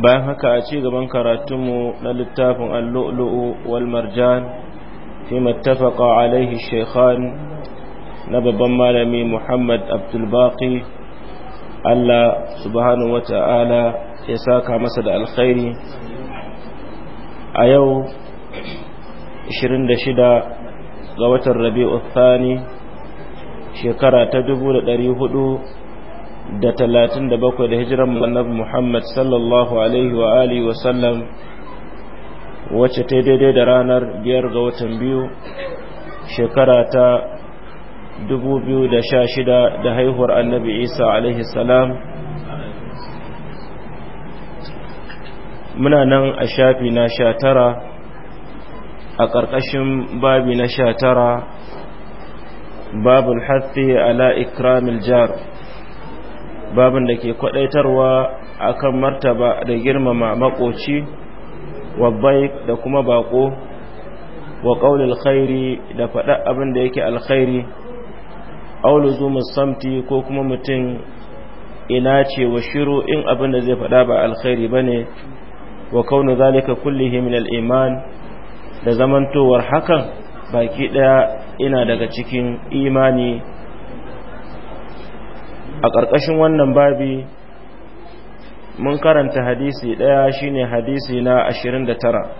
bayan haka a ci gaban karatunmu na littafin allu'lu'u wal marjan fi mattafaqa alaihi shaykhan na babban malami Muhammad Abdulbaki. Allah subhanahu ta'ala ya saka masa da alkhairi a yau 26 ga watan Rabi'u Thani shekara ta 1400 da talatin da bakwai da hijiran annabi Muhammad sallallahu alaihi wa alihi wa sallam wacce ta daidai da ranar biyar ga watan biyu shekara ta 2016 da haihuwar annabi Isa alaihi salam muna nan a shafi na sha tara a ƙarƙashin babi na sha tara babul hafi ala ikramil jar babin da ke kwadaitarwa kan martaba da girmama makoci wa bai da kuma bako wa qaulil khairi da faɗa abin da yake alkhairi wani luzumus samti ko kuma mutum ina ce wa shiru in abin da zai faɗa ba alkhairi ba ne wa kaunu zalika kullihi min al'iman da zamantowar hakan baki ɗaya ina daga cikin imani a ƙarƙashin wannan babi mun karanta hadisi ɗaya shine hadisi na 29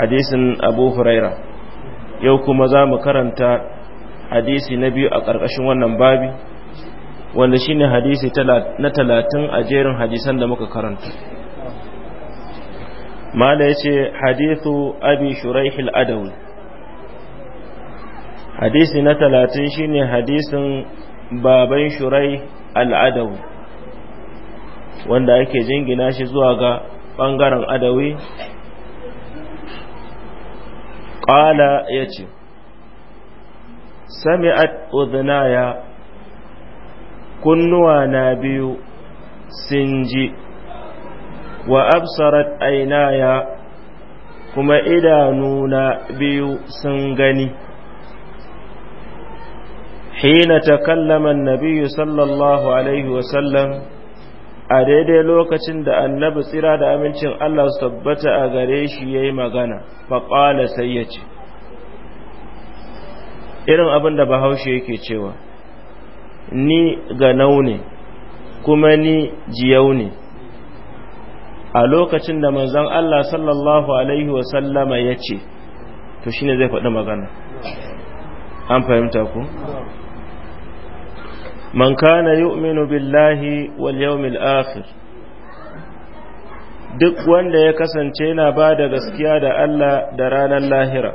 hadisin abu huraira yau kuma za mu karanta hadisi na biyu a ƙarƙashin wannan babi wanda shine hadisi na talatin a jerin hadisan da muka karanta mala ya ce hadithu abi shuraihil adawi hadisi na talatin shine hadisin baban shurai al’adawu wanda ake jingina shi zuwa ga ɓangaren adawi ƙala ya ce sami'at udhnaya kunnuwa na biyu sun ji wa absarat ainaya kuma idanu na biyu sun gani حين تكلم النبي صلى الله عليه وسلم a daidai lokacin da annabi tsira da amincin Allah su tabbata a gare shi ya yi magana faƙala sai ya ce irin abin da bahaushe yake cewa ni ganau ne kuma ni jiyau ne a lokacin da manzon Allah sallallahu alaihi wasallama ya ce to shine zai faɗi magana an fahimta ku من كان يؤمن بالله واليوم الآخر duk wanda ya kasance yana ba da gaskiya da Allah da ranar lahira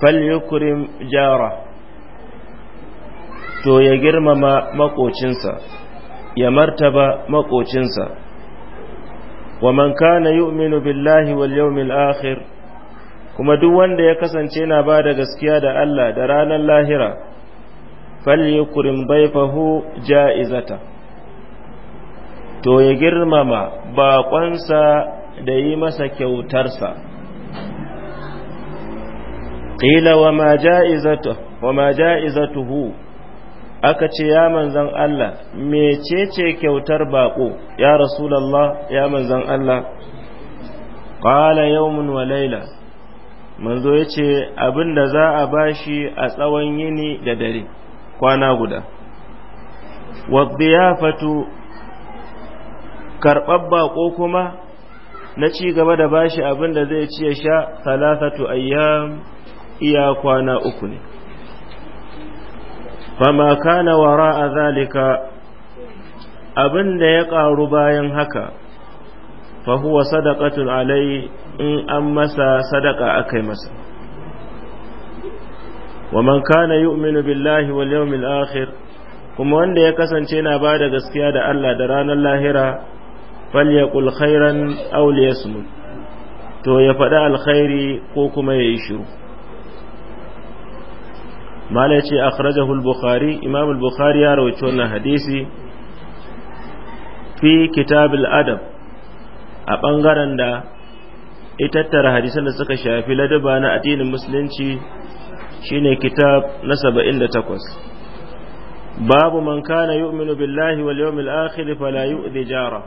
falyukrim jara to ya girmama makocinsa ya martaba makocinsa wa man kana yu'minu billahi wal yawmil akhir kuma duk wanda ya kasance yana ba da gaskiya da Allah da ranar lahira falyukrim baifahu ja'izata to ya girmama baƙonsa da yi masa kyautarsa Ƙila wa ma ja'izatu ja'izatuhu aka ce ya manzan Allah mecece kyautar baƙo ya rasulullah ya manzan Allah qala yawmun wa layla manzo yace abinda za a bashi a tsawon yini da dare kwana guda wadiyafatu karɓar ko kuma na ci gaba da bashi abin da zai ci ya sha talatatu ayyam iya kwana uku ne fama kana wara a zalika abin da ya ƙaru bayan haka fa huwa sadaqatul alai in an masa sadaka akai masa wa man kana yu'minu billahi wal yawmil akhir kuma wanda ya kasance na ba da gaskiya da Allah da ranar lahira falyaqul khairan aw liyasmut to ya faɗi alkhairi ko kuma ya yi shiru malaci ce akhrajahu al-bukhari imam al-bukhari ya rawaito wannan hadisi fi kitab al-adab a bangaren da itattara hadisan da suka shafi ladaba na addinin musulunci shine kitab na 78 babu Manka na yu'minu billahi wa yawmil akhir fala yu'dhi jara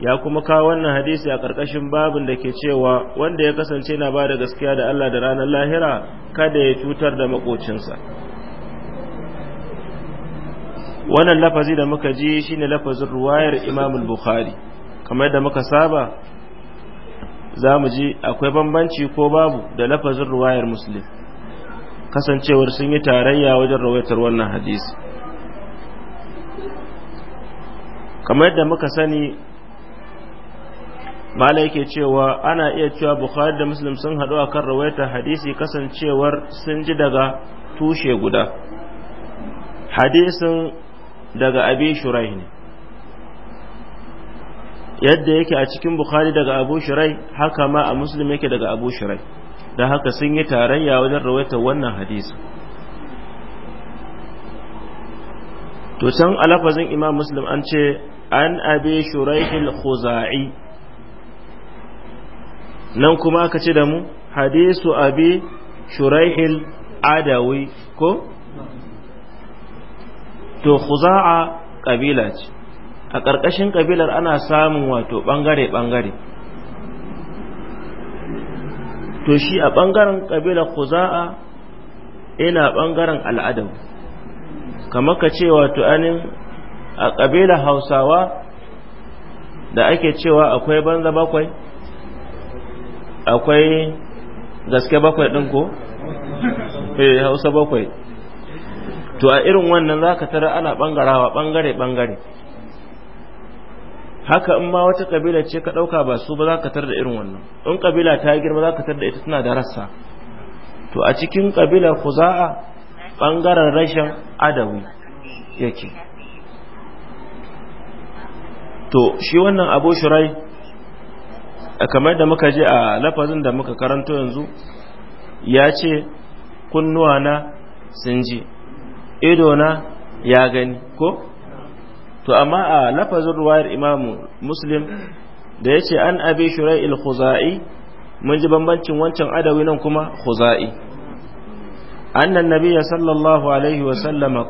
ya kuma kawo wannan hadisi a ƙarƙashin babin da ke cewa wanda ya kasance na ba da gaskiya da Allah da ranar lahira kada ya cutar da makocinsa wannan lafazi da muka ji shine lafazin ruwayar imamul bukhari kamar da muka saba za mu ji akwai bambanci ko babu da lafazin ruwayar muslim kasancewar sun yi tarayya wajen rawaitar wannan hadisi kamar yadda muka sani malai ke cewa ana iya cewa bukhari da muslim sun haɗu a kan rawaitar hadisi kasancewar sun ji daga tushe guda hadisin daga abi shurai ne yadda yake a cikin bukhari daga abu shurai haka ma a muslim yake daga abu shurai da haka sun yi tarayya wajen rawaitar wannan hadisi to can alafazin imam muslim an ce an abi shuraihil khuza'i nan kuma aka ce da mu hadisu abi shuraihil adawi ko to khuza'a kabila ce a ƙarƙashin kabilar ana samun wato ɓangare-ɓangare to shi a ɓangaren ƙabilar kuza'a ina ɓangaren al'adam kama ka cewa to anin a ƙabilar hausawa da ake cewa akwai banza bakwai akwai gaske bakwai ɗin ko? eh hausa bakwai to a irin wannan za ka tara ana ɓangarawa ɓangare-ɓangare haka in ma wata kabila ce ka ɗauka ba su ba za ka tar da irin wannan in kabila ta girma za ka tar da ita tana da rassa to a cikin kabilar khuza'a ɓangaren rashin adawi yake to shi wannan abu shirai kamar da muka je a lafazin da muka karanto yanzu ya ce na sun ji idona ya gani ko to amma a lafazin ruwayar imamu muslim da ya ce an abi shura'il khuza'i mun ji bambancin wancan adawi nan kuma khuza'i annan sallallahu alaihi wa sallama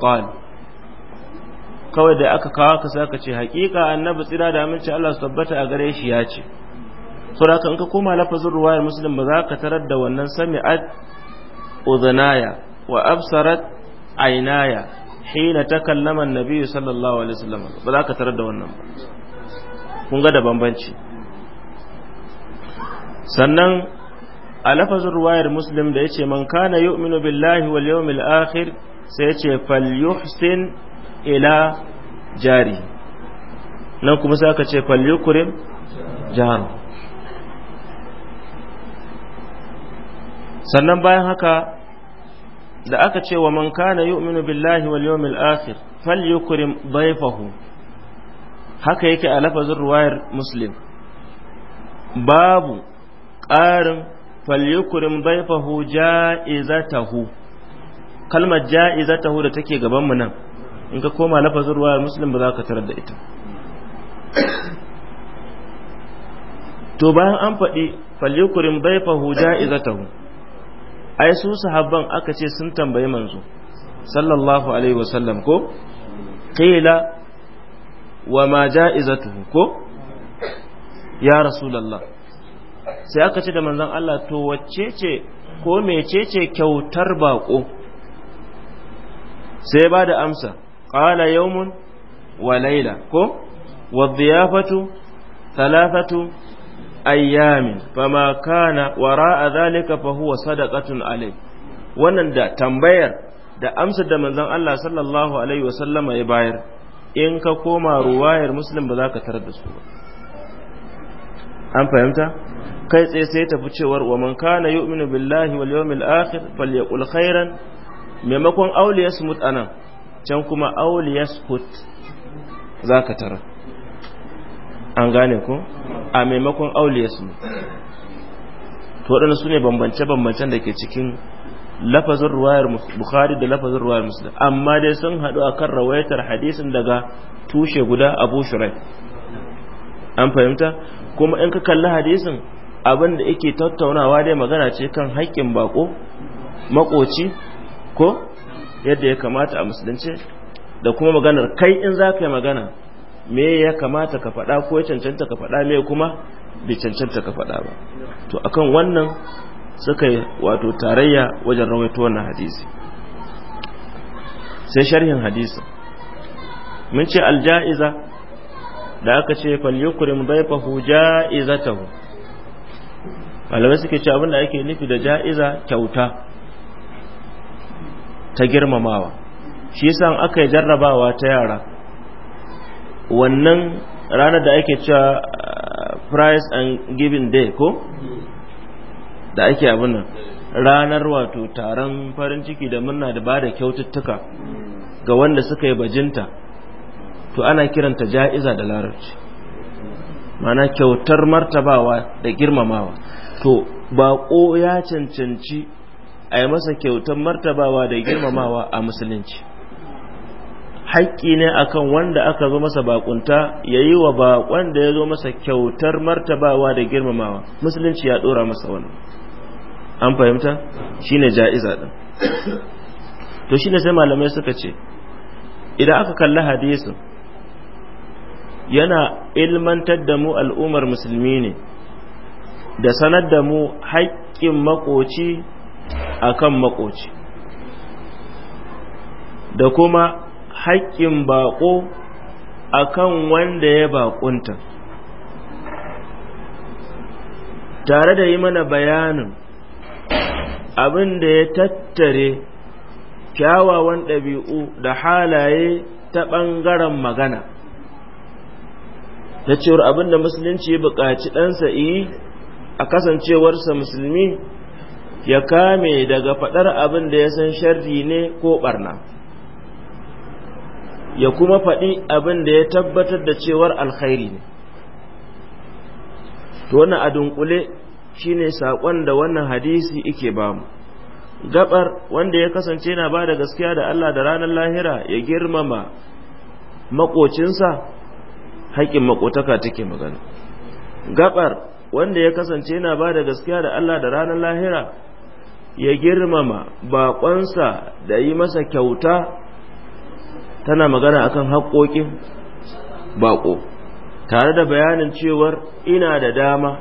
kawai da aka kawo ka ce hakika annabi tsira da aminci Allah su tabbata a gare shi ya ce saboda in ka koma lafazin ruwayar muslim ba za ka tarar da wannan sami'at udhnaya wa absarat ainaya hina takallama annabi sallallahu alaihi wasallam ba za ka tarar da wannan kun ga da bambanci sannan a lafazin ruwayar muslim da yace man kana yu'minu billahi wal yawmil akhir sai yace yuhsin ila jari nan kuma sai aka ce yukrim jaru sannan bayan haka da aka ce wa man kana yu'minu billahi wal yawmil akhir falyukrim dayfahu haka yake a lafazin ruwayar muslim babu ƙarin falyukrim dayfahu ja'izatahu kalmar ja'izatahu da take gaban mu nan in ka koma lafazin ruwayar muslim ba za ka tarar da ita to bayan an faɗi falyukrim dayfahu ja'izatahu ai su sahabban aka ce sun tambayi manzo sallallahu alaihi wasallam ko qila wa ma ja'izatuhu ko ya rasulullah sai aka ce da manzon Allah to wacce ce ko mecece kyautar bako sai ba da amsa qala yawmun wa layla ko wa dhiyafatu thalathatu ayyamin fama kana wara'a zalika fa huwa sadaqatun wannan da tambayar da amsar da manzon Allah sallallahu alaihi wasallama ya bayar in ka koma ruwayar muslim ba za ka tarar da su ba an fahimta kai tsaye sai tafi cewar wa man kana yu'minu billahi wal yawmil akhir falyaqul khairan maimakon auliyas mut anan can kuma auliyas hut za tarar an gane ku a maimakon auliyarsu to wadanda su ne bambance-bambancen da ke cikin lafazin ruwayar bukhari da lafazin ruwayar musulun amma dai sun haɗu a kan rawaitar hadisin daga tushe guda abu shirai an fahimta kuma in ka kalli hadisin abinda da yake tattaunawa dai magana ce kan haƙƙin baƙo, makoci ko yadda ya kamata a musulunci da kuma maganar kai in za ka yi magana me ya kamata ka faɗa ko cancanta ka faɗa me kuma bai cancanta ka faɗa ba to akan wannan suka yi wato tarayya wajen rawaito wannan hadisi sai sharhin hadisi mun ce alja'iza da aka ce falyukrim daifahu ja'izatahu malamai suke ce abin da ake nufi da ja'iza kyauta ta girmamawa shi yasa aka yi jarrabawa ta yara wannan ranar da ake cewa uh, price and giving day ko da ake abin nan ranar wato taron farin ciki da murna da ba da kyaututtuka ga wanda suka yi bajinta to ana kiranta ja'iza da larabci mana kyautar martabawa da girmamawa to baƙo ya cancanci a yi masa kyautar martabawa da girmamawa a musulunci haƙƙi ne akan wanda aka zo masa bakunta ya yi wa bakon da ya zo masa kyautar martabawa da girmamawa musulunci ya ɗora masa wani an fahimta shi ne ja'iza ɗin to shi ne sai malamai suka ce idan aka kalli hadisin yana ilmantar da mu al'ummar musulmi ne da sanar da mu haƙƙin makoci akan makoci da kuma haƙƙin baƙo kan wanda ya baƙunta tare da yi mana bayanin abin da ya tattare kyawawan ɗabi'u da halaye ta ɓangaren magana da cewar abin da musulunci ya buƙaci ɗansa iyi a kasancewarsa musulmi ya kame daga faɗar abin da ya san sharri ne ko ɓarna ya kuma faɗi abin da ya tabbatar da cewar alkhairi ne to wannan a dunkule shine saƙon da wannan hadisi ike bamu gabar wanda ya kasance yana ba da gaskiya da Allah da ranar lahira ya girmama makocinsa haƙƙin makotaka take magana gabar wanda ya kasance yana ba da gaskiya da Allah da ranar lahira ya girmama baƙonsa da yi masa kyauta tana magana akan haƙoƙin baƙo tare da bayanin cewar ina da dama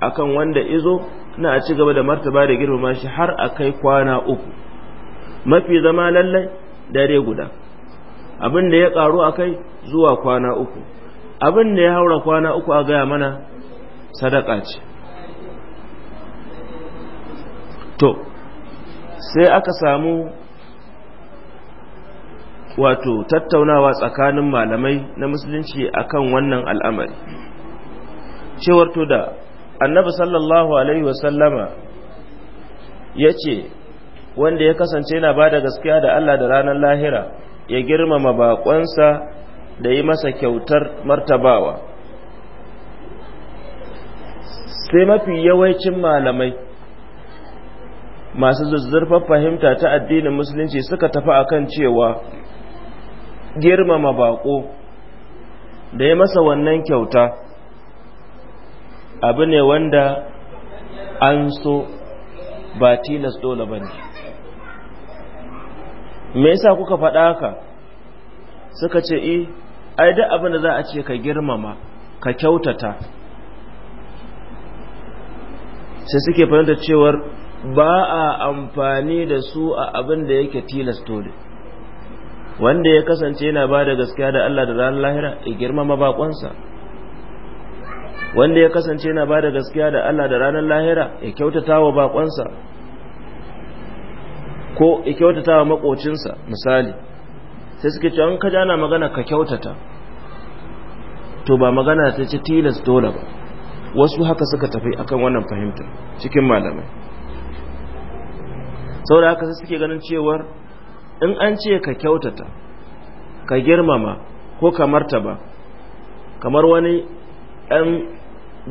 akan wanda izo na a ci gaba da martaba da girma shi har a kai kwana uku mafi zama lallai dare guda abin da ya ƙaru a kai zuwa kwana uku abin da ya haura kwana uku a gaya mana sadaka ce to sai aka samu wato tattaunawa tsakanin malamai na musulunci akan wannan al'amari cewar to da annabi sallallahu alaihi wasallama ya ce wanda ya kasance yana bada gaskiya da Allah da ranar lahira ya girmama baƙonsa da yi masa kyautar martabawa sai mafi yawancin malamai masu zuzzurfar fahimta ta addinin musulunci suka tafi akan cewa girmama baƙo da ya masa wannan kyauta abu ne wanda an so ba tilas dole ba ne me yasa kuka faɗa ka suka ce e, ai duk abin da za a ce ka girmama ka kyautata sai suke fahimta cewar ba a amfani da su a abin da yake tilas dole wanda ya kasance yana ba da gaskiya da Allah da ranar lahira ya girmama bakonsa wanda ya kasance yana ba da gaskiya da Allah da ranar lahira ya kyautata wa bakonsa ko ya kyautata wa makocinsa misali sai suke cewa ka jana magana ka kyautata to ba magana ta ci tilas dole ba wasu haka suka tafi akan wannan fahimta cikin malamai saboda haka sai suke ganin cewar in an ce ka kyautata ka girmama ko ka martaba kamar wani ɗan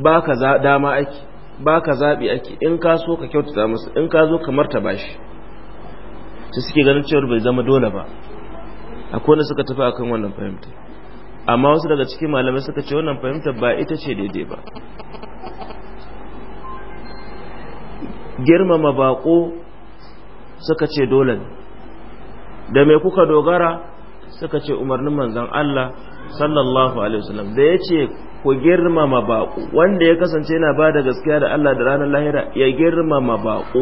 ba ka dama ake ba ka zaɓi ake in ka so ka kyautata masu in ka zo ka martaba shi sai suke ganin cewar bai zama dole ba a kone suka tafi akan wannan fahimta amma wasu daga cikin malamai suka ce wannan fahimta ba ita ce daidai ba girmama bako suka ce dole ne da mai kuka dogara suka ce umarnin manzan Allah sallallahu alaihi wasallam da yace ku girmama baƙo wanda ya kasance yana ba da gaskiya da Allah da ranar lahira ya girmama baƙo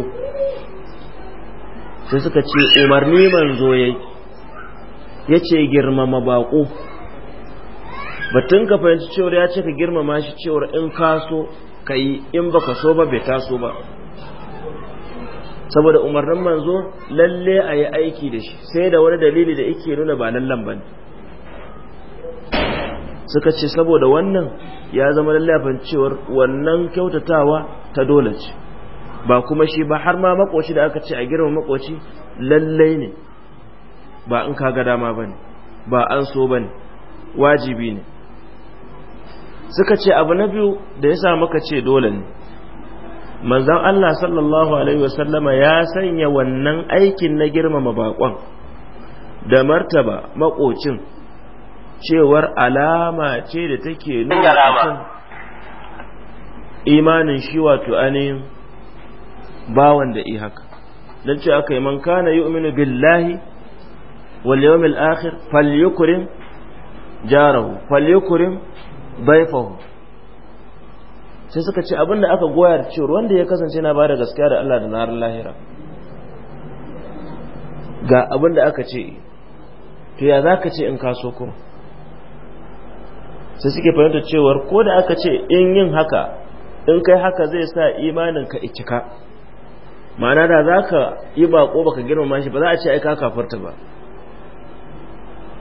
sai suka ce umarni manzo Ya ce girmama baƙo batun ka fahimci cewar ya ce ka girmama shi cewar in kaso ka yi in baka so ba bai taso ba saboda umarnin manzo lalle a yi aiki da shi sai da wani dalili da yake nuna ba lallan ba suka ce saboda wannan ya zama lallafin cewar wannan kyautatawa ta dole ce ba kuma shi ba har ma makoci da aka ce a girma makoci lallai ne ba in kaga dama ba ne ba an so ba ne wajibi ne suka ce abu na biyu da ya sa maka ce dole ne manzon Allah sallallahu alaihi wasallama ya sanya wannan aikin na girmama baƙon da martaba maƙocin cewar alama ce da take nuna akan imanin shi wato ainihin bawan da i haka don ce aka yi man kana yu'minu billahi wal yawmil akhir falyukrim jarahu falyukrim baifahu sai suka ce abinda aka goya da cewar wanda ya kasance na bada gaskiya da Allah da na lahira ga abinda aka ce to ya zaka ce in kaso ku? sai suke fahimta cewar ko da aka ce in yin haka in kai haka zai sa imanin ka ikika ma'ana da zaka yi bako baka girmama shi ba za a ce ai ka kafarta ba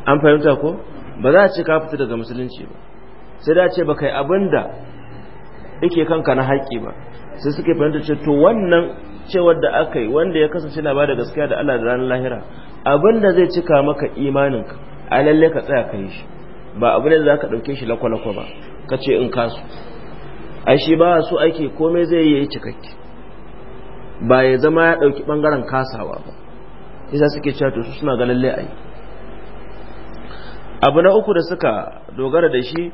an fahimta ko ba za a ce ka fita daga musulunci ba sai da ce baka yi abinda yake kanka na haƙƙi ba sai suke fahimta ce to wannan cewar da aka yi wanda ya kasance na ba da gaskiya da Allah da ranar lahira abin da zai cika maka imaninka a lalle ka tsaya ka yi shi ba abu ne da za ka ɗauke shi lakwalakwa ba ka ce in kasu ai shi ba su ake komai zai yi cikakke ba ya zama ya ɗauki ɓangaren kasawa ba yasa suke cewa to su suna ga lalle a abu na uku da suka dogara da shi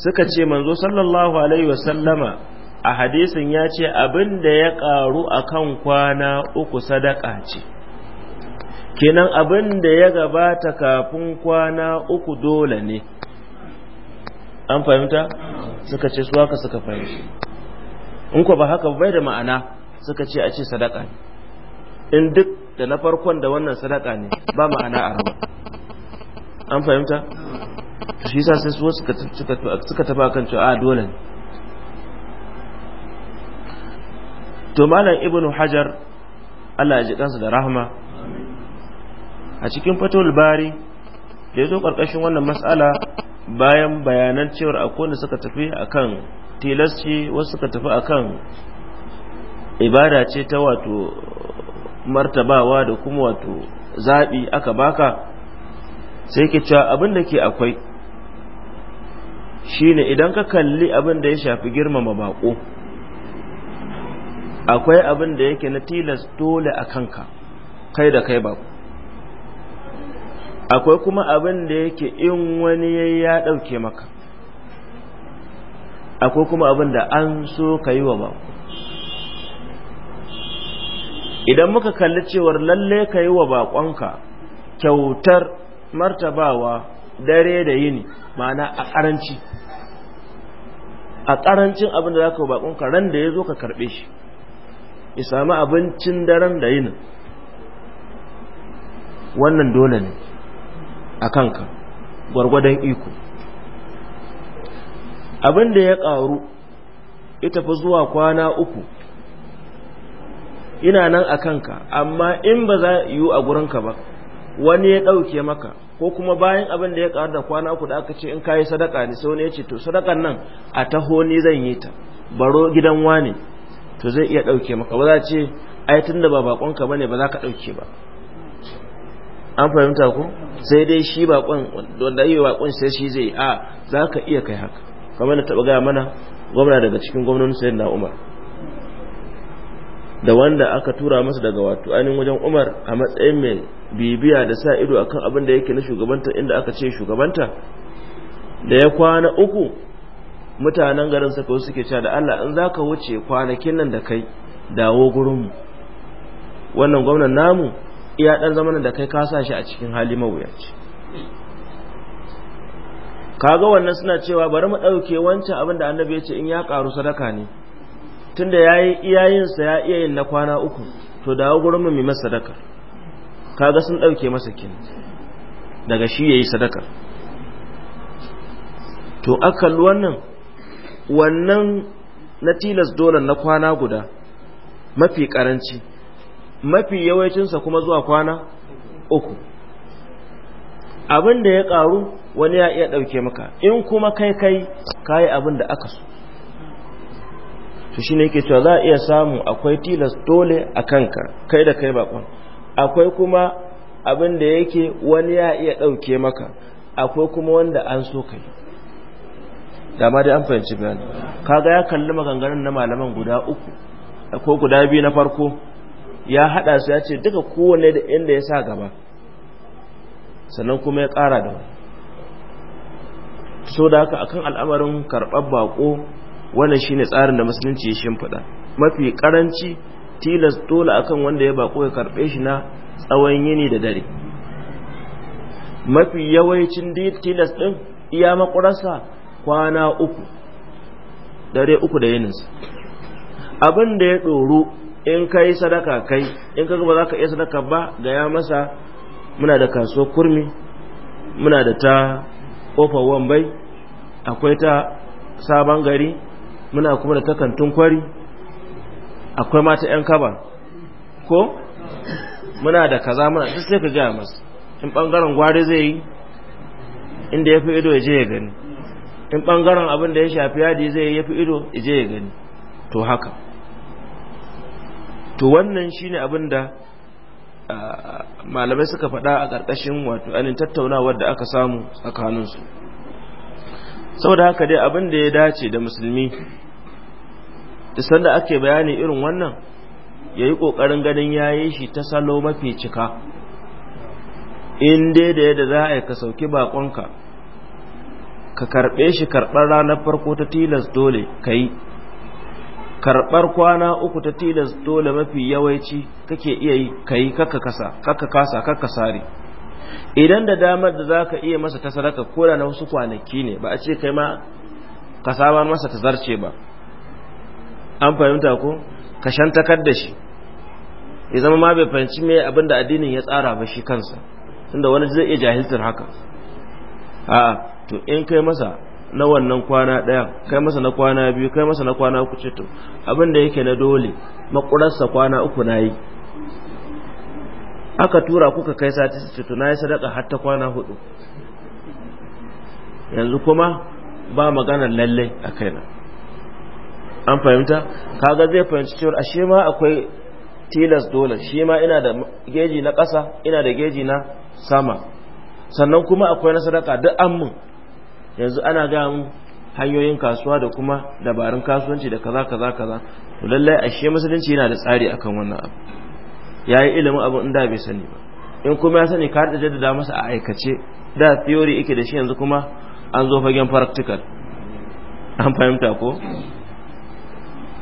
suka ce manzo sallallahu alaihi wasallama a hadisin ya ce abin da ya karu akan kwana uku sadaka ce kenan abin da ya gabata kafin kwana uku dole ne an fahimta suka ce su haka suka fahimci in ko ba haka bai da ma'ana suka ce a ce sadaka ne in duk da na farkon da wannan sadaka ne ba ma'ana a rama an fahimta shi yasa sai su suka taba kan cewa a ah, dole to malam ibnu hajar Allah ya ji kansa da rahama a cikin fatul bari da yazo karkashin wannan matsala bayan bayanan cewar akwai wanda suka tafi akan tilasci wasu suka tafi akan ibada ce ta wato martabawa da kuma wato zaɓi aka baka sai ke cewa abin da ke akwai shine idan ka kalli abin da ya shafi girmama bako akwai abin da yake na tilas dole a kanka kai da kai bako akwai kuma abin da yake in wani ya ya ɗauke maka akwai kuma abin da an so ka yi wa bako idan muka kalli cewar lalle ka yi wa bakonka kyautar martabawa dare da yini ma'ana a ƙaranci a karancin abin da za ka bakon ka ran da ya zo ka karbe shi ya sami abincin daren da yinin wannan dole ne a kanka gwargwadon iko abin da ya ƙaru ita fi zuwa kwana uku ina nan a kanka amma in ba za yi a gurinka ba wani ya ɗauke maka ko kuma bayan abin da ya ƙaru da kwana uku da aka ce in ka yi sadaka ne sai wani ya ce to sadakan nan a taho ni zan yi ta baro gidan wani to zai iya ɗauke maka ba za ce ai tunda ba ba bane ba za ka ɗauke ba an fahimta ku sai dai shi baƙon wanda yi baƙon sai shi zai a za ka iya kai haka kamar da taɓa gaya mana gwamna daga cikin gwamnonin sayan na umar da wanda aka tura masa daga wato ainihin wajen umar a matsayin mai bibiya da sa ido akan abin da yake na shugabanta inda aka ce shugabanta da ya kwana uku mutanen garin saka suke cewa da Allah in zaka wuce kwanakin nan da kai dawo gurinmu wannan gwamnan namu iya dan zaman da kai ka a cikin hali mawuyaci kaga wannan suna cewa bari mu dauke wancan abin da annabi ya ce in ya karu sadaka ne tunda yayi iyayinsa ya iya yin na kwana uku to dawo gurinmu mu mai sadaka kaga sun ɗauke masa kin daga shi yayi sadaka to akal wannan wannan na tilas dolan na kwana guda mafi karanci mafi yawancinsa kuma zuwa kwana uku abinda ya karu wani ya iya ɗauke maka in kuma kai kai kayi abinda aka so to shine yake cewa za a iya samu akwai tilas dole a kanka kai da kai bakon akwai kuma abin da yake wani ya iya ɗauke maka akwai kuma wanda an so kai dama dai an fahimci bayani kaga ya kalli maganganun na malaman guda uku ko guda biyu na farko ya haɗa su ya ce duka kowanne da inda ya sa gaba sannan kuma ya ƙara da wani so da haka akan al'amarin karɓar baƙo wannan shine tsarin da musulunci ya shimfiɗa mafi ƙaranci tilas dole akan wanda ya bako ya karbe shi na tsawon yini da dare mafi yawancin tilas din iya makurarsa kwana uku dare uku da yininsa abin da ya ɗoru in ka sadaka kai in ka ba za ka iya sadaka ba ga ya masa muna da kasuwar kurmi muna da ta ƙofar wambai akwai ta sabon gari muna kuma da takantun kwari akwai mata yan kaba ko muna da kaza muna duk sai ka gaya masu in bangaren gwari zai yi inda ya fi ido ya je ya gani in bangaren abin da ya shafi yadi zai ya fi ido ya je ya gani to haka to wannan shine abin da malamai suka faɗa a ƙarƙashin wato anin tattaunawar da aka samu tsakaninsu saboda haka dai abin da ya dace da musulmi da sanda ake bayani irin wannan ya yi ƙoƙarin ganin yayi shi ta salo mafi cika in dai da yadda za a yi ka sauki baƙonka ka karɓe shi karɓar ranar farko ta tilas dole ka yi karɓar kwana uku ta tilas dole mafi yawanci kake iya yi ka yi kakka kasa kakka kasa sare idan da damar da za ka iya masa ta sadaka ko da na wasu kwanaki ne ba a ce kai ma ka saba masa ta zarce ba an fahimta ko kashan takar da shi ya zama ma bai fahimci mai abin da addinin ya tsara ba shi kansa tunda wani zai iya jahiltar haka a to in kai masa na wannan kwana ɗaya kai masa na kwana biyu kai masa na kwana uku ce to abin da yake na dole makurarsa kwana uku na yi aka tura kuka kai sati su ce na yi sadaka har kwana hudu yanzu kuma ba maganar lallai a kai na. an fahimta kaga zai fahimci cewa ashe ma akwai tilas dole shi ma ina da geji na ƙasa ina da geji na sama sannan kuma akwai na sadaka duk an mun yanzu ana ga mun hanyoyin kasuwa da kuma dabarun kasuwanci da kaza kaza kaza to lallai ashe musulunci yana da tsari akan wannan abu yayi ilimin abu in da bai sani ba in kuma ya sani ka da da masa a aikace da theory yake da shi yanzu kuma an zo fagen practical an fahimta ko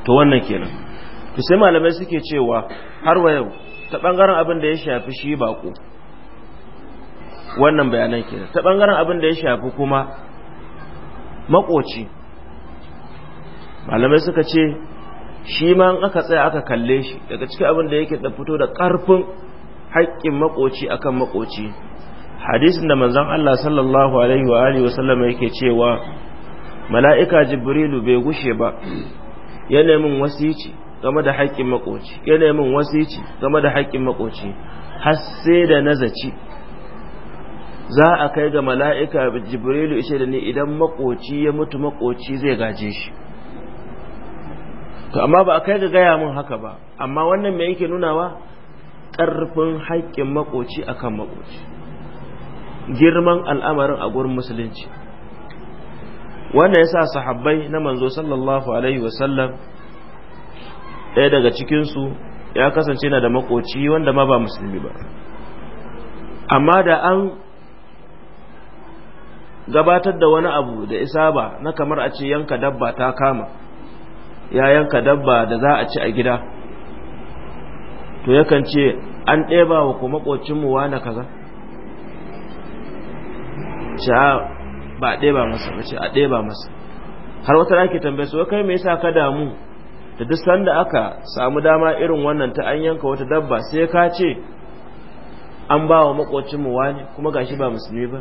to wannan kenan to sai malamai suke cewa har wa yau ta bangaren abin da ya shafi shi bako wannan bayanan kenan ta bangaren abin da ya shafi kuma makoci malamai suka ce shi ma in aka tsaya aka kalle shi daga cikin abin da yake da fito da ƙarfin haƙƙin makoci akan makoci hadisin da manzon Allah sallallahu alaihi wa alihi wa sallama yake cewa mala'ika jibrilu bai gushe ba ya nemi wasici game da haƙƙin makoci ya wasici game da haƙƙin makoci har sai da nazaci za a kai ga mala'ika jibrilu ishe da ni idan makoci ya mutu makoci zai gaje shi to amma ba a kai ga gaya mun haka ba amma wannan mai yake nunawa ƙarfin haƙƙin makoci akan makoci girman al'amarin a gurin musulunci wanda yasa sahabbai na manzo sallallahu alaihi wasallam ɗaya daga cikinsu ya kasance na da makoci wanda ma ba musulmi ba amma da an gabatar da wani abu da isa ba na kamar a ce yanka dabba ta kama ya yanka dabba da za a ci a gida to yakan ce an ɗeba wa ku makocinmu na kaza ba a ɗeba masa ba ce a ɗeba masa har wata rake tambaye su kai mai sa ka damu da duk sanda aka samu dama irin wannan ta an yanka wata dabba sai ka ce an ba wa maƙocinmu wani kuma gashi ba musulmi ba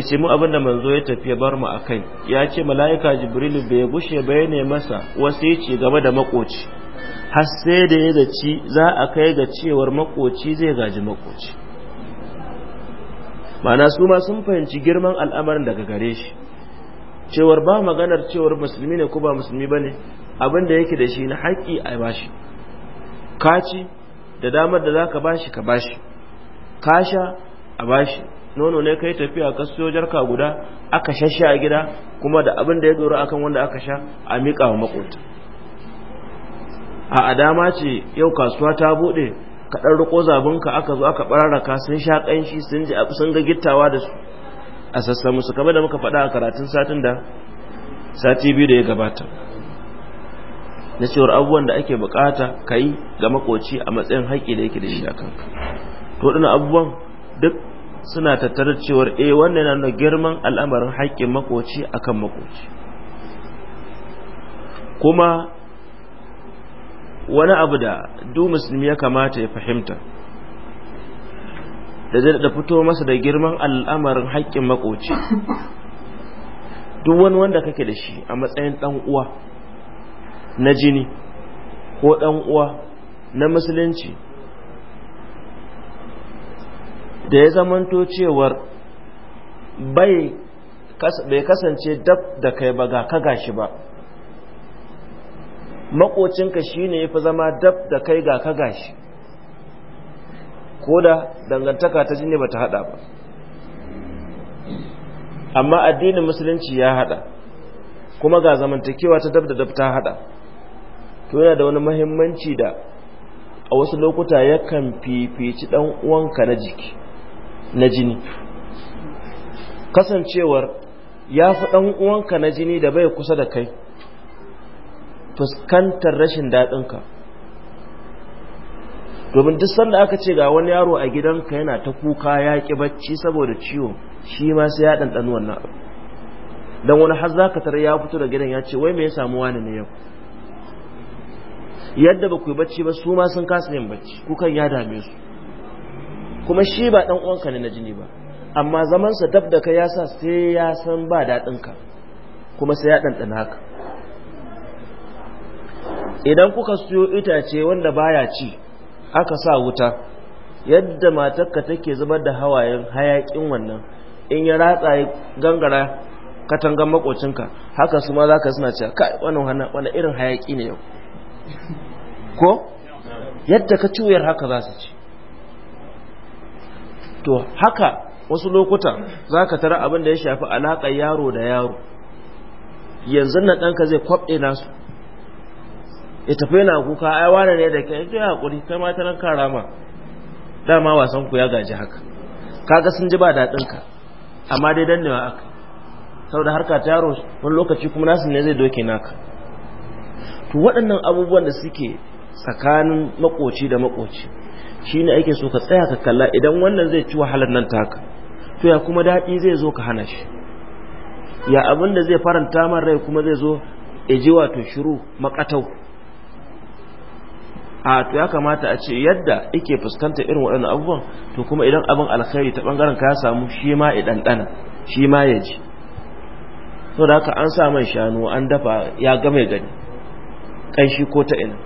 ce mu abin da manzo ya tafi ya bar mu kai ya ce malaika jibrilu bai gushe ba ya ne masa wasici game da makoci har sai da ya gaci za a kai ga cewar makoci zai gaji makoci mana su ma sun fahimci girman al'amarin daga gare shi cewar ba maganar cewar musulmi ne ko ba musulmi bane abin da yake da shi na haƙƙi a bashi kaci da damar da zaka bashi ka bashi kasha a bashi nono ne kai tafiya ka siyo jarka guda aka shashe a gida kuma da abin da ya dora akan wanda aka sha a miƙa wa makota a adama ce yau kasuwa ta buɗe. ka ɗan riko zabinka aka zo aka ɓararraka sun sha ƙanshi sun ji sun ga gittawa da su a sassa musu kamar da muka faɗa a karatun satin da sati biyu da ya gabata na cewar abubuwan da ake bukata ka yi ga makoci a matsayin haƙƙi da yake da shi a kanka to ɗin abubuwan duk suna tattara cewar eh wannan yana girman al'amarin haƙƙin makoci akan makoci kuma wani abu da duk musulmi ya kamata ya fahimta da zai da fito masa da girman al'amarin haƙƙin makoci duk wani wanda kake da shi a matsayin ɗan uwa na jini ko ɗan uwa na musulunci da ya zamanto cewar bai kasance dab da kai ba ga ka gashi ba makocinka ya fi zama dab da kai ga ka gashi ko da dangantaka ta jini bata hada ba amma addinin musulunci ya hada kuma ga zamantakewa ta dab da dab ta hada to yana da wani mahimmanci da a wasu lokuta ya kan fifici dan uwanka na jiki na jini kasancewar ya fi dan uwanka na jini da bai kusa da kai fuskantar rashin daɗinka domin duk sanda aka ce ga wani yaro a gidanka yana ta kuka ya ƙi bacci saboda ciwo shi ma sai ya ɗanɗano wannan abu don wani har za ka tara ya fito da gidan ya ce wai me ya samu wani ne yau yadda ba ku yi bacci ba su ma sun kasa yin bacci kukan ya dame su kuma shi ba ɗan uwanka ne na jini ba amma zamansa dab da ka ya sa sai ya san ba daɗinka kuma sai ya ɗanɗana haka idan kuka siyo itace wanda baya ci aka sa wuta yadda matarka take zubar da hawayen hayakin wannan in ya ratsa gangara katangan makocinka haka su ma za ka suna cewa kai wani irin hayaki ne yau ko yadda ka cuyar haka za su ci to haka wasu lokuta za ka tara abin da ya shafi alaƙar yaro da yaro yanzu na ɗanka zai kwaɓe nasu ya tafi yana kuka ai wane ne da ke ya hakuri kai ma ta nan kara ma dama wasan ku ya gaji haka kaga sun ji ba daɗin ka amma dai newa aka sau da harka ta yaro wani lokaci kuma nasu ne zai doke naka to waɗannan abubuwan da suke tsakanin makoci da makoci shine ake so ka tsaya ka kalla idan wannan zai ci wahalar nan taka to ya kuma daɗi zai zo ka hana shi ya abin da zai faranta man rai kuma zai zo ya ji wato shiru makatau a to ya kamata a ce yadda yake fuskanta irin waɗannan abubuwan to kuma idan abin alkhairi ta bangaren ka samu shi ma ya ɗanɗana shi ma ya ji to da haka an sa man shanu an dafa ya ga mai gani ƙanshi ko ta ina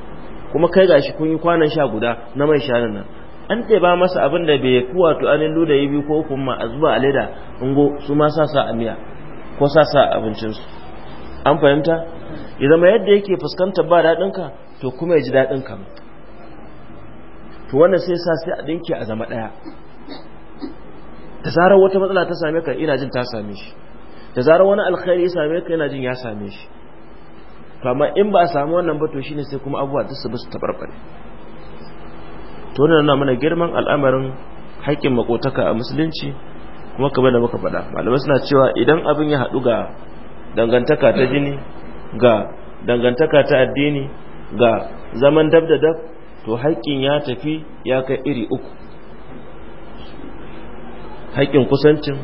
kuma kai gashi kun yi kwanan sha guda na mai shanun nan an ba masa abin da bai ku wato anin luda yi biyu ko kuma a zuba a leda ungo su ma sa sa a ko sa sa abincinsu an fahimta idan zama yadda yake fuskantar ba ka to kuma ya ji ka. to wannan sai sa sai a dinke a zama daya da zarar wata matsala ta same ka ina jin ta same shi da zarar wani alkhairi ya same ka ina jin ya same shi to amma in ba a samu wannan ba to shine sai kuma abuwa duk su bisu tabarbare to wannan na mana girman al'amarin haƙƙin makotaka a musulunci kuma kamar da muka faɗa malamai suna cewa idan abin ya haɗu ga dangantaka ta jini ga dangantaka ta addini ga zaman dab da dab to haƙƙin ya tafi ya kai iri uku haƙƙin kusancin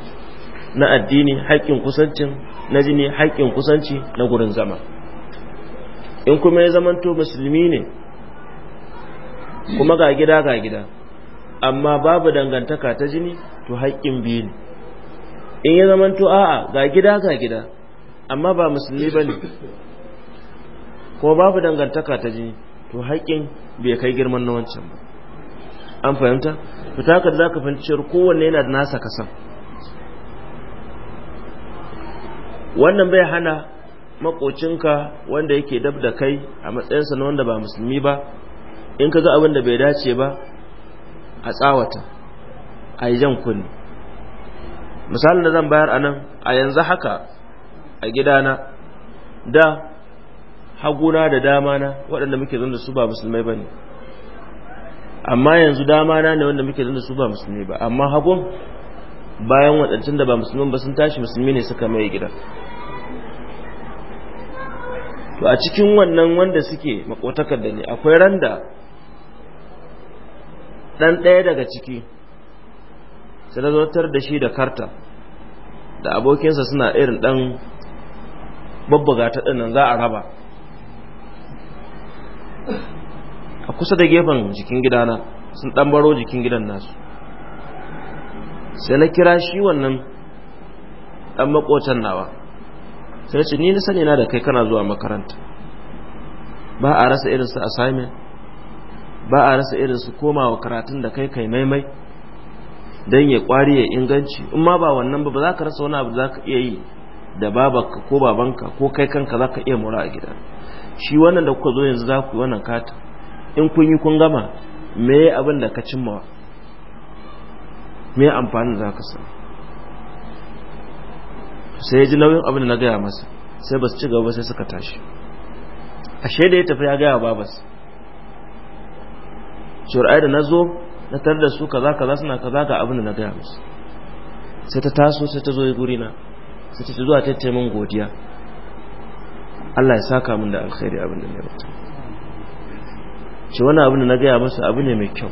na addini haƙƙin kusancin na jini haƙƙin kusanci na gurin zama in kuma ya zamanto musulmi ne kuma ga gida ga gida amma babu dangantaka ta jini to haƙƙin biyu ne in ya zamanto a'a ga gida ga gida amma ba musulmi ba ne kuma babu dangantaka ta jini to haƙin bai kai girman na wancan ba an fahimta fita ka za ka fahimci cewar kowanne yana da nasa kasan wannan bai hana makocinka wanda yake dab da kai a matsayinsa na wanda ba musulmi ba in ka ga abin da bai dace ba a tsawata a yi jan kunni misalin da zan bayar a nan a yanzu haka a gidana da haguna da dama na waɗanda muke zan da su ba musulmai ba ne amma yanzu dama na ne wanda muke zan da su ba musulmi ba amma hagun bayan waɗancan da ba musulman ba sun tashi musulmi ne suka mai gida to a cikin wannan wanda suke makwatakar da ne akwai randa ɗan ɗaya daga ciki sai zartar da shi da karta da abokinsa suna irin ɗan babbaga ta ɗinnan za a raba a kusa da gefen jikin gidana sun dan baro jikin gidan nasu sai na kira shi wannan dan makotan nawa sai ce ni na sani na da kai kana zuwa makaranta ba a rasa irin su assignment ba a rasa irin su komawa karatun da kai kai maimai don ya kwari ya inganci in ma ba wannan ba ba za ka rasa wani abu za ka iya yi da babanka ko babanka ko kai kanka za ka iya mura a gida shi wannan da kuka zo yanzu za ku yi wannan katin in kun yi kun gama me abin da ka cimma me amfanin za ka san sai ya ji nauyin abin da na gaya masa sai ba su ci gaba sai suka tashi ashe da ya tafi ya gaya babas shari'ai da na zo na tar da su kaza kaza suna kaza ga abin da na gaya masu sai ta taso sai ta zo guri na sai ta zuwa ta taimun godiya Allah ya saka min da alkhairi abin da na rubuta ce wannan abin da na gaya masa abu ne mai kyau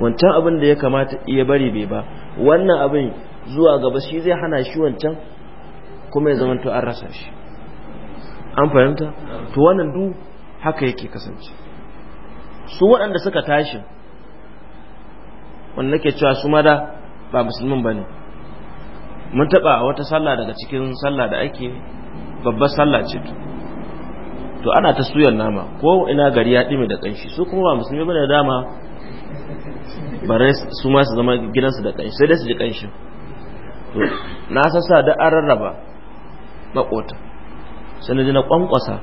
wancan abin da ya kamata iya bari bai ba wannan abin zuwa gaba shi zai hana shi wancan kuma ya zama to an rasa shi an fahimta to wannan du haka yake kasance su waɗanda suka tashi wanda ke cewa su mada ba musulmin ba ne mun taɓa wata sallah daga cikin sallah da ake babbar sallah ce to ana ta suyan nama ko ina gari ya dime da kanshi su kuma ba musulmi bane dama bare su ma su zama gidansu da kanshi sai dai su ji kanshi to na sassa da an rarraba makota sai na ji na kwankwasa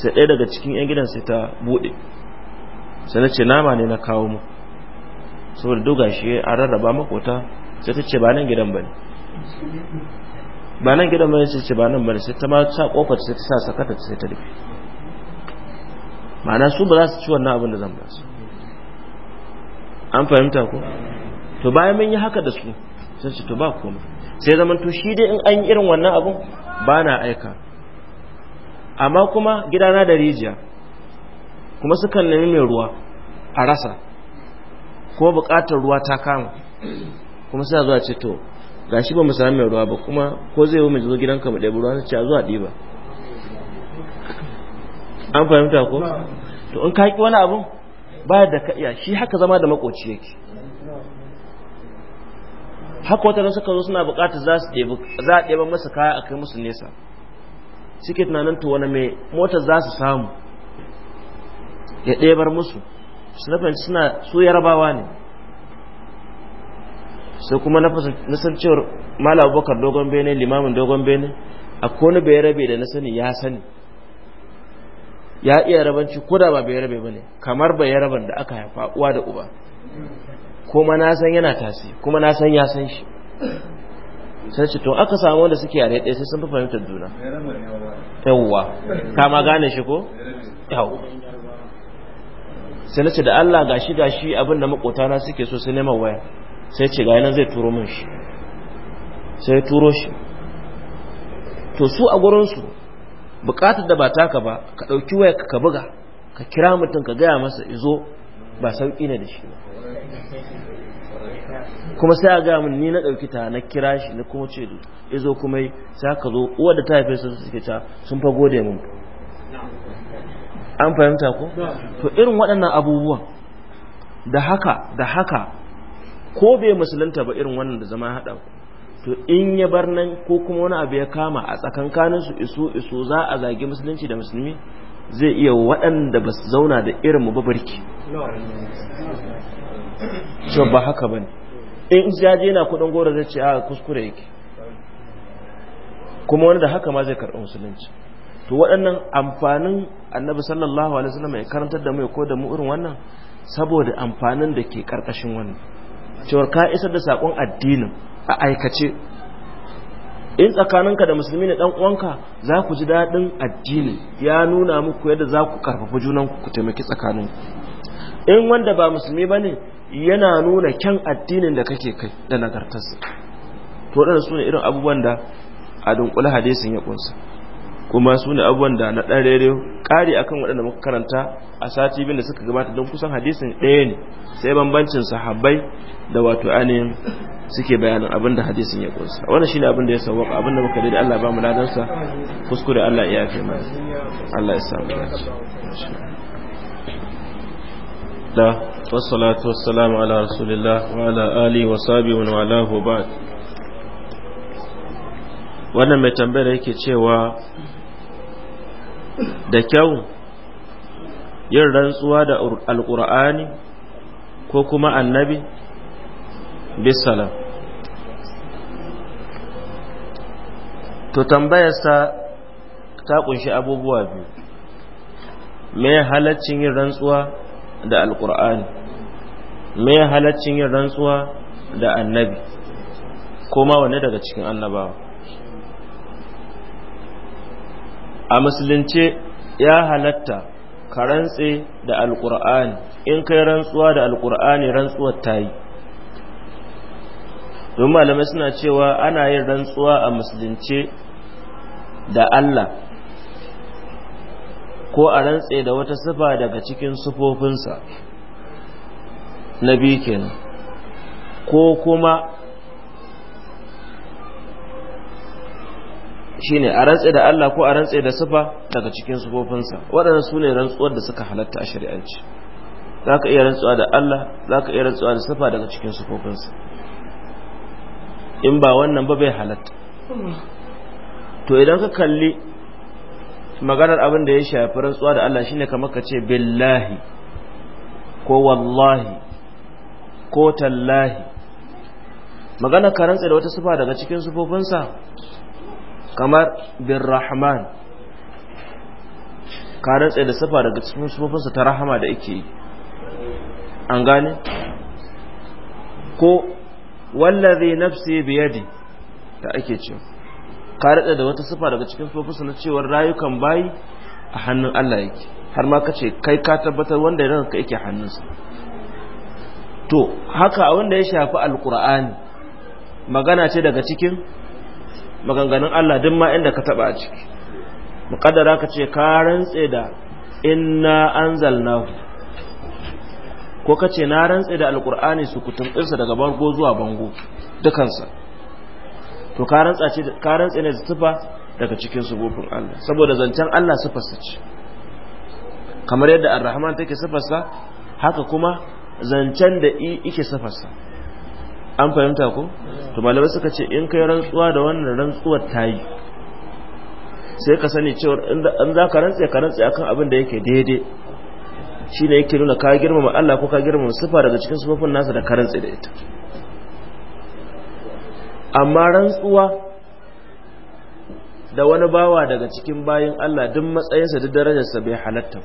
sai ɗaya daga cikin 'yan gidan sai ta buɗe sai na ce nama ne na kawo mu saboda doga shi an rarraba makota sai ta ce ba nan gidan ba ne ba nan gidan mai ce ba nan bane sai ta ma ta kofar sai ta sa sakata sai ta rufe ma'ana su ba za su ci wannan abin da zan ba su an fahimta ko to bayan mun yi haka da su sai su to ba koma sai zaman to shi dai in an yi irin wannan abin ba na aika amma kuma gidana da rijiya kuma sukan nemi mai ruwa a rasa ko bukatar ruwa ta kama kuma sai zuwa ce to gashi ba mu sami mai ruwa ba kuma ko zai mu zo gidanka mu ɗaya ruwa ta a zuwa ɗiba an fahimta ko to in ka wani abu ba da ka shi haka zama da makoci yake haka wata suka zo suna bukatar za su a masa kaya a kai musu nesa suke tunanin to wani mai mota za su samu ya ɗebar musu su na fahimci suna su yarabawa ne sai kuma na san cewar mala abubakar dogon bene limamin dogon bene a kone bai rabe da na sani ya sani ya iya rabanci ko da ba bai rabe ba ne kamar bai raban da aka haifa uwa da uba kuma na san yana tasi kuma na san ya san shi sai ce to aka samu wanda suke yare ɗaya sai sun fi fahimtar juna yawwa Kama gane shi ko yawwa sai na ce da Allah gashi gashi abin da makotana suke so sai neman waya sai ce ga yanar zai turo mun shi sai turo shi to su a gurinsu bukatar da ba taka ba ka ɗauki waya ka buga ka kira mutum ka gaya masa izo ba sauƙi ne da shi ba kuma sai a gaya mun ni na ɗauki ta na kira shi na kuma ce izo kuma yi sai ka zo uwa da ta haife su suke ta sun fa gode min an fahimta ko to irin waɗannan abubuwan da haka da haka ko bai musulunta ba irin wannan da zama ya haɗa to in ya bar nan ko kuma wani abu ya kama a tsakankanin su iso iso za a zagi musulunci da musulmi zai iya waɗanda ba su zauna da irin mu ba barki cewa ba haka ba ne in ya je na kudin gora zai ce a kuskure yake kuma wani da haka ma zai karɓi musulunci to waɗannan amfanin annabi sallallahu alaihi wasallam ya karantar da mu ya da mu irin wannan saboda amfanin da ke ƙarƙashin wannan cewar ka isar da sakon addinin a aikace in tsakaninka da musulmi ne dan uwanka za ku ji daɗin addini ya nuna muku yadda za ku karfafa junanku ku taimaki tsakaninku in wanda ba musulmi ba ne yana nuna kyan addinin da kake kai da nagartarsa to ɗan su ne irin abubuwan da a dunkule hadisin ya ƙunsa kuma su ne abubuwan da na ɗan rere ƙari akan waɗanda muka karanta a sati bin da suka gabata don kusan hadisin ɗaya ne sai bambancin sahabbai da wato ainihin suke bayanin abin da hadisin ya kunsa wannan shine abin da ya sauwaka abin da muka da Allah ba mu ladansa kuskure Allah ya yafe mana Allah ya samu dace da wassalatu wassalamu ala rasulillah wa ala alihi wa sahbihi wa ala ba'd wannan mai tambayar yake cewa da kyau yin rantsuwa da alkur'ani ko kuma annabi bisalam to tambayarsa ta kunshi abubuwa biyu me halaccin yin rantsuwa da alkur'ani me halaccin yin rantsuwa da annabi ko ma wani daga cikin annabawa a musulunce ya halatta ka rantse da alkur'ani in kai rantsuwa da alkur'ani rantsuwar ta yi don malamai suna cewa ana yin rantsuwa a musulunce da Allah ko a rantse da wata sifa daga cikin sufofinsa na biyu kenan ko kuma shine a rantse da Allah ko a rantse da sifa daga cikin sufofinsa waɗannan su ne rantsuwar da suka halatta a shari'anci za ka iya rantsuwa da Allah za ka iya rantsuwa da sifa daga cikin sufofinsa in ba wannan ba bai halatta to idan ka kalli maganar abin da ya shafi rantsuwa da Allah shine kamar ka ce billahi ko wallahi ko tallahi magana ka rantse da wata sifa daga cikin sufofinsa kamar bin Rahman ka rantse da safa daga cikin sufofinsa ta rahama da ake yi an gane ko wallazi nafsi biyadi da ake ce ka rantse da wata safa daga cikin sufofinsa na cewar rayukan bayi a hannun Allah yake har ma ka ce kai ka tabbatar wanda ka yake hannunsa to haka wanda ya shafi alkur'ani magana ce daga cikin maganganun Allah duk ma inda ka taba a ciki muqaddara ka ce ka rantse da inna anzalnahu ko ka ce na rantse da alqur'ani su kutun ɗinsa daga bango zuwa bango dukansa to ka rantsa ce ka rantse ne da sifa daga cikin subufin Allah saboda zancen Allah sifarsa ce kamar yadda ar-rahman take sifarsa haka kuma zancen da yake sifarsa an fahimta ko to malamai suka ce in kai rantsuwa da wannan rantsuwar yi sai ka sani cewa in za ka rantsa ka rantsa akan abin da yake daidai shine yake nuna ka girmama Allah ko ka girmama sifa daga cikin sifofin nasa da ka rantsa da ita amma rantsuwa da wani bawa daga cikin bayin Allah duk matsayinsa duk darajarsa bai halatta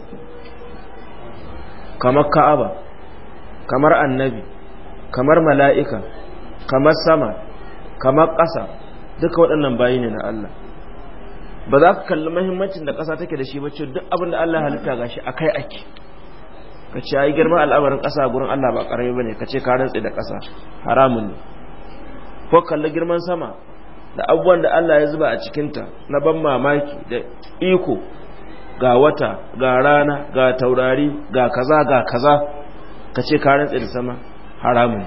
kamar Ka'aba kamar Annabi kamar mala'ika kamar sama kamar ƙasa duka waɗannan bayi ne na Allah ba za ka kalli mahimmancin da ƙasa take da shi ba ce duk abin da Allah halitta ga shi a akai ake ka ce yi girma al'amarin ƙasa gurin Allah ba ƙarami ne. ka ce ka da ƙasa haramun ne ko kalli girman sama da abubuwan da Allah ya zuba a cikinta na ban mamaki da iko ga wata ga rana ga taurari ga kaza ga kaza ka ce ka da sama haramun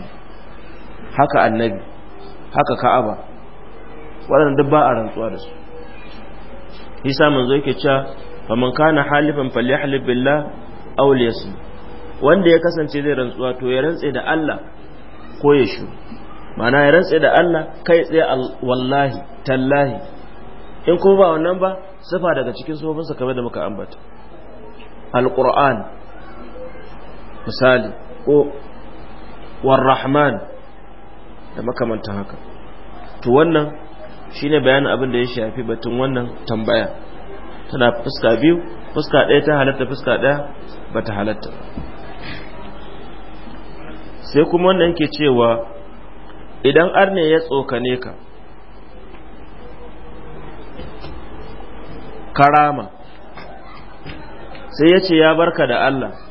haka annabi haka ka'aba waɗanda duk ba a rantsuwa da su isa manzo yake cewa man kana halifan falyahlib billah aw wanda ya kasance zai rantsuwa to ya rantse da Allah ko ya shu mana ya rantse da Allah kai tsaye wallahi tallahi in ko ba wannan ba sifa daga cikin sa kamar da muka ambata alquran misali ko warrahman da makamantan haka to wannan shine bayanin abin da ya shafi batun wannan tambaya tana fuska biyu fuska ɗaya ta halatta fuska ɗaya ba ta halatta sai kuma wannan yake cewa idan arne ya tsokane ka karama sai ya ce ya barka da Allah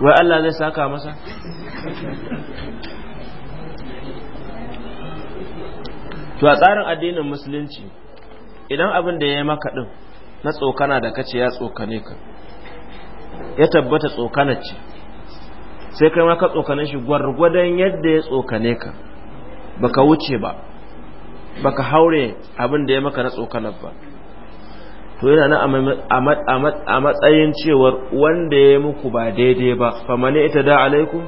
wai Allah zai saka masa to a tsarin addinin musulunci idan abin da ya yi maka din na tsokana da kace ya tsokane ka ya tabbata tsokana ce sai kai ma ka tsokane shi gwargwadon yadda ya tsokane ka baka wuce ba baka haure abin da ya maka na tsokanar ba to yana nan a matsayin cewar wanda ya muku ba daidai ba famani ita da alaikun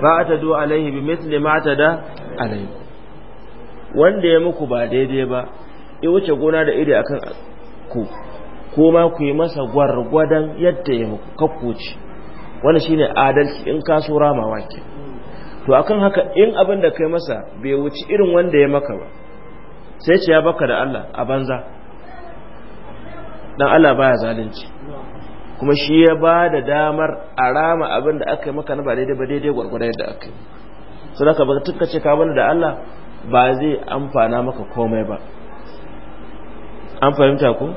ba a ta duwa alaihi bi mitli ma ta da alaikum wanda ya muku ba daidai ba ya wuce gona da iri akan ku ko ma ku yi masa gwargwadon yadda ya muku kakkoci shi shine adalci in ka so ramawa ke to akan haka in abin da kai masa bai wuce irin wanda ya maka ba sai ce ya baka da Allah a banza dan Allah baya zalunci kuma shi ya ba da damar a rama abin da aka yi maka na ba daidai ba daidai gwargwadon yadda aka yi sun haka ba ka ce ka bani da Allah ba zai amfana maka komai ba an fahimta ku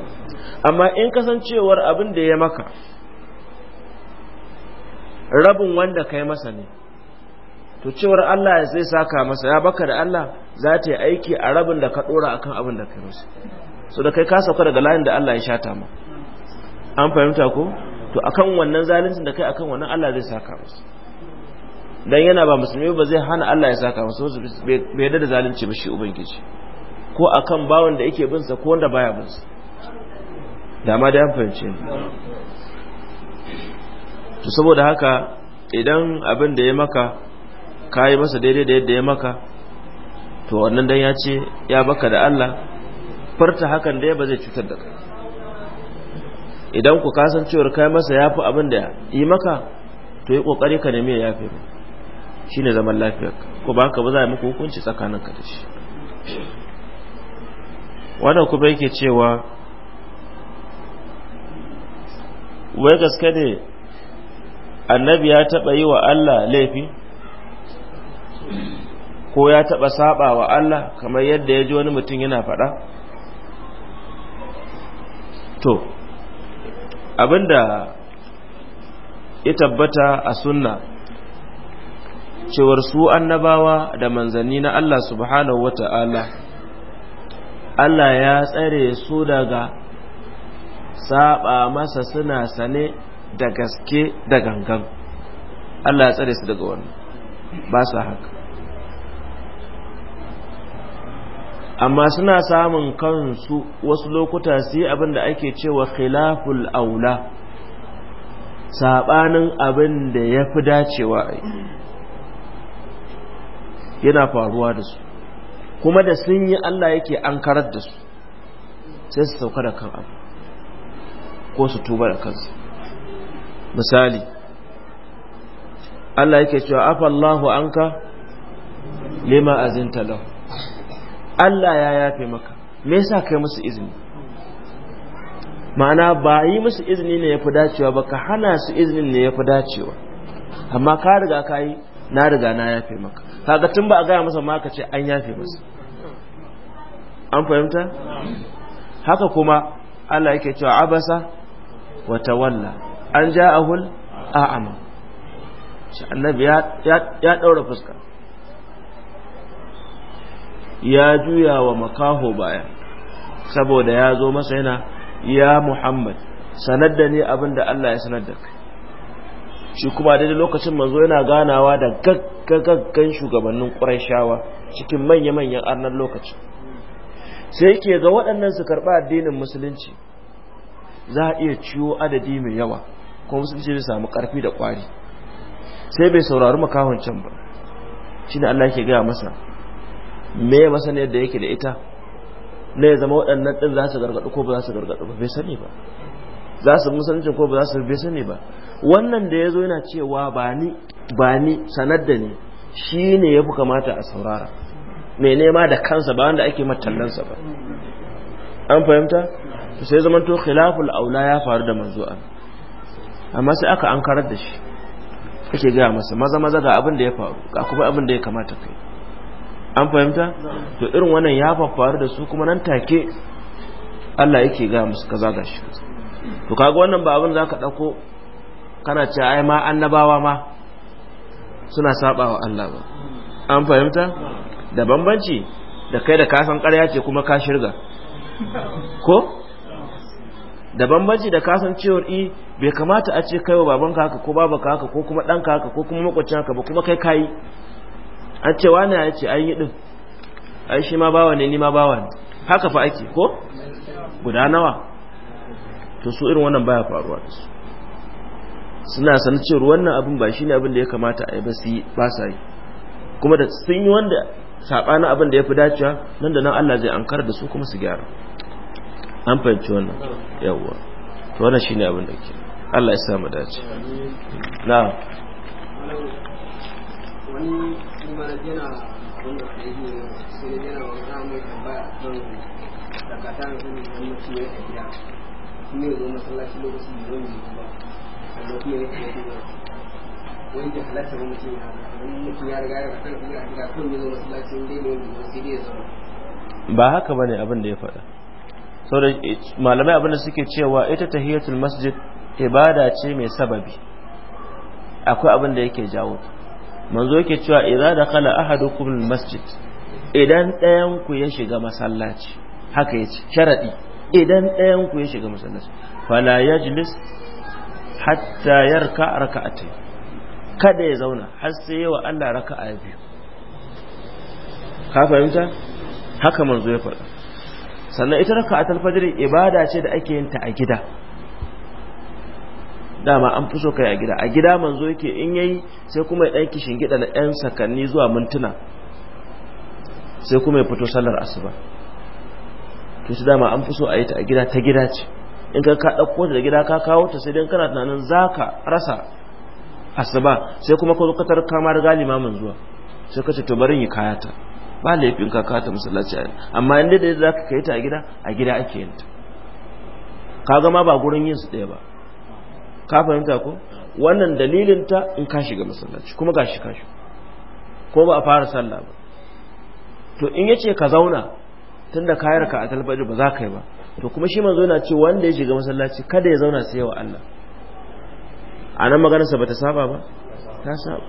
amma in kasancewar abin da ya maka rabin wanda kai masa ne to cewar Allah zai saka masa ya baka da Allah za ta yi aiki a rabin da ka dora akan abin da kai masa so da kai ka sauka daga layin da Allah ya shata ma an fahimta ko to akan wannan zaluncin da kai akan wannan Allah zai saka musu dan yana ba musulmi ba zai hana Allah ya saka musu bai yarda da zalunci ba shi ubangiji ko akan bawon da yake bin sa ko wanda baya bin sa da ma da an fahimce to saboda haka idan abin da ya maka kayi masa daidai da yadda ya maka to wannan dan ya ce ya baka da Allah furta hakan da ya ba zai cutar da kai idan ku kasancewar kai masa ya fi abin da yi maka to yi ƙoƙari ka nemi ya yafe shi ne zaman lafiyar ko ba ka ba za a muku hukunci ka da shi wannan kuma yake cewa wai gaske ne annabi ya taɓa yi wa Allah laifi ko ya taɓa saba wa Allah kamar yadda ya ji wani mutum yana faɗa to abinda ya tabbata a sunna cewar su annabawa da manzanni na Allah subhanahu wata'ala Allah ya tsare su daga saba masa suna sane da gaske da gangan Allah ya tsare su daga wannan ba sa haka amma suna samun kansu wasu lokuta su yi abin da ake cewa khilaful aula sabanin abin da ya fi dacewa yana faruwa da su kuma da sun yi Allah yake an karar da su sai su sauka da kan abu ko su tuba da kansu misali Allah yake cewa afallahu anka lima azinta lahu Allah ya yafe maka me yasa kai musu izini ma'ana ba yi musu izini ne ya fi dacewa ba ka hana su izinin ne ya fi dacewa amma ka riga ka yi na riga na yafe maka kaga tun ba a gaya masa ma ka ce an yafe masa an fahimta haka kuma Allah yake cewa abasa wa tawalla an ja'ahul a'ama annabi ya ɗaura fuska ya juya wa makaho baya saboda ya zo masa yana ya muhammad sanar da ne abin da Allah ya sanar da kai shi kuma daidai lokacin manzo yana ganawa da gaggagaggan shugabannin ƙuraishawa cikin manya-manyan arnar lokaci sai ke ga waɗannan su karɓi addinin musulunci za a iya ciwo adadi mai yawa kuma musulunci zai samu ƙarfi da ƙwari sai bai saurari makahon can ba shi ne Allah ke gaya masa me masaniyar da yake da ita ne zama waɗannan ɗin za su gargaɗu ko ba za su gargaɗu ba bai sani ba za su musulunci ko ba za su bai sani ba wannan da ya zo yana cewa ba ni ba ni sanar da ni shi ne ya fi kamata a saurara mai nema da kansa ba wanda ake matallansa ba an fahimta sai zaman to khilaful aula ya faru da manzo an amma sai aka ankarar da shi ake gaya masa maza maza ga abin da ya faru ga kuma abin da ya kamata kai an fahimta to irin wannan ya faru da su kuma nan take Allah yake ga musu kaza gashi to kaga wannan ba abin zaka dauko kana ce ai ma annabawa ma suna sabawa Allah ba an fahimta da bambanci da kai da ka san ƙarya ce kuma ka shirga ko da bambanci da kasan cewar i eh, bai kamata a ce kaiwa babanka haka ko babanka haka ko kuma ɗanka haka ko kuma makwacin haka ba kuma kai kai an ce wani ya ce an yi din ai shi ma bawa ne ni ma bawa ne haka fa ake ko guda nawa to su irin wannan baya faruwa da su suna sanar cewa wannan abin ba shi ne abin da ya kamata a yi ba su yi ba sa yi kuma da sun yi wanda sabanin abin da ya fi dacewa nan da nan Allah zai ankar da su kuma su gyara an fahimci wannan yawwa to wannan shine abin da ke Allah ya sa mu dace na'am wani kuma yana abin da ke yi sai yana wani mai tambaya kan dakata na sani idan mutum ya yi gida sun yi zo masallaci lokaci da zan yi ba sannan kuma ya yi gida wani da halatta ba mutum ya haka wani mutum ya riga ya kakan kuma a gida kun yi zo masallaci in ya ne wani sai dai ya zama ba haka bane abin da ya faɗa saboda malamai abin da suke cewa ita tahiyatul masjid ibada ce mai sababi akwai abin da yake jawo ta manzo yake cewa idza dakhala ahadukum almasjid idan ɗayan ku ya shiga masallaci haka yace sharadi idan ɗayan ku ya shiga masallaci fala yajlis hatta yarka rak'atayn kada ya zauna har sai ya wa Allah raka'a biyu ka fahimta haka manzo ya faɗa sannan ita raka'atul fajr ibada ce da ake yin ta a gida dama an fi so kai a gida a gida manzo yake in yayi sai kuma ya ɗauki shingida na ɗan sakanni zuwa mintuna sai kuma ya fito sallar asuba to shi dama an fi so a yi ta a gida ta gida ce in ka ka ɗauko ta da gida ka kawo ta sai dan kana tunanin za ka rasa asuba sai kuma ka zo ka tarka ma riga limamin zuwa sai ka ce to bari yi ta ba laifin ka ta masallaci amma inda da za ka kai ta a gida a gida ake yin ta kaga ma ba gurin yin su ɗaya ba ka fahimta ko wannan dalilin ta in ka shiga masallaci kuma ga shi kashi ko ba a fara sallah ba to in yace ka zauna tunda kayar ka a talfaji ba za ka yi ba to kuma shi manzo yana ce wanda ya shiga masallaci kada ya zauna sai wa Allah a nan maganarsa ba ta saba ba ta saba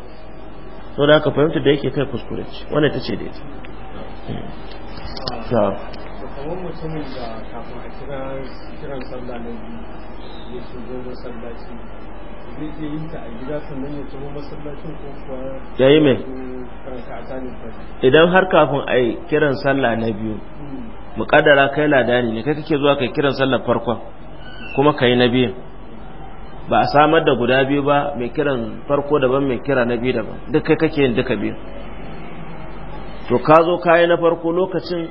to da aka fahimta da yake kai kuskure ce wannan ta ce da ita ta kamar mutumin da kafin a kira kiran sallah na biyu ya shigo masallaci zai iya yin ta a gida sannan ya taho masallacin ko kuwa ya yi mai idan har kafin a yi kiran sallah na biyu mu kaddara kai ladani ne kai kake zuwa kai kiran sallar farkon kuma kai na biyu ba a samar da guda biyu ba mai kiran farko daban mai kira na biyu daban duk kai kake yin duka biyu to ka zo kayi na farko lokacin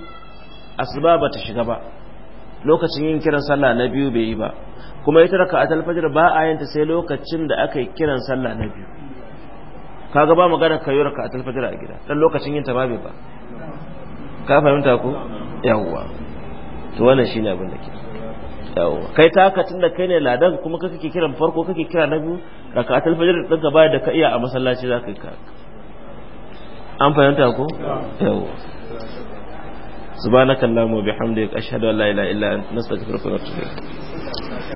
asuba ba ta shiga ba lokacin yin kiran sallah na biyu bai yi ba kuma ita raka'atul fajr ba a yanta sai lokacin da aka yi kiran sallah na biyu kaga ba magana kayo raka'atul fajr a gida dan lokacin yin ta ba bai ba ka fahimta ko yawwa to wannan shine abin da ke yawwa kai ta ka tunda kai ne ladan kuma kai kake kiran farko kake kira na biyu raka'atul fajr din ka bayar da ka iya a masallaci zaka yi ka an fahimta ko yawwa subhanakallahumma wa bihamdika ashhadu an la ilaha illa anta nastaghfiruka wa na ilayk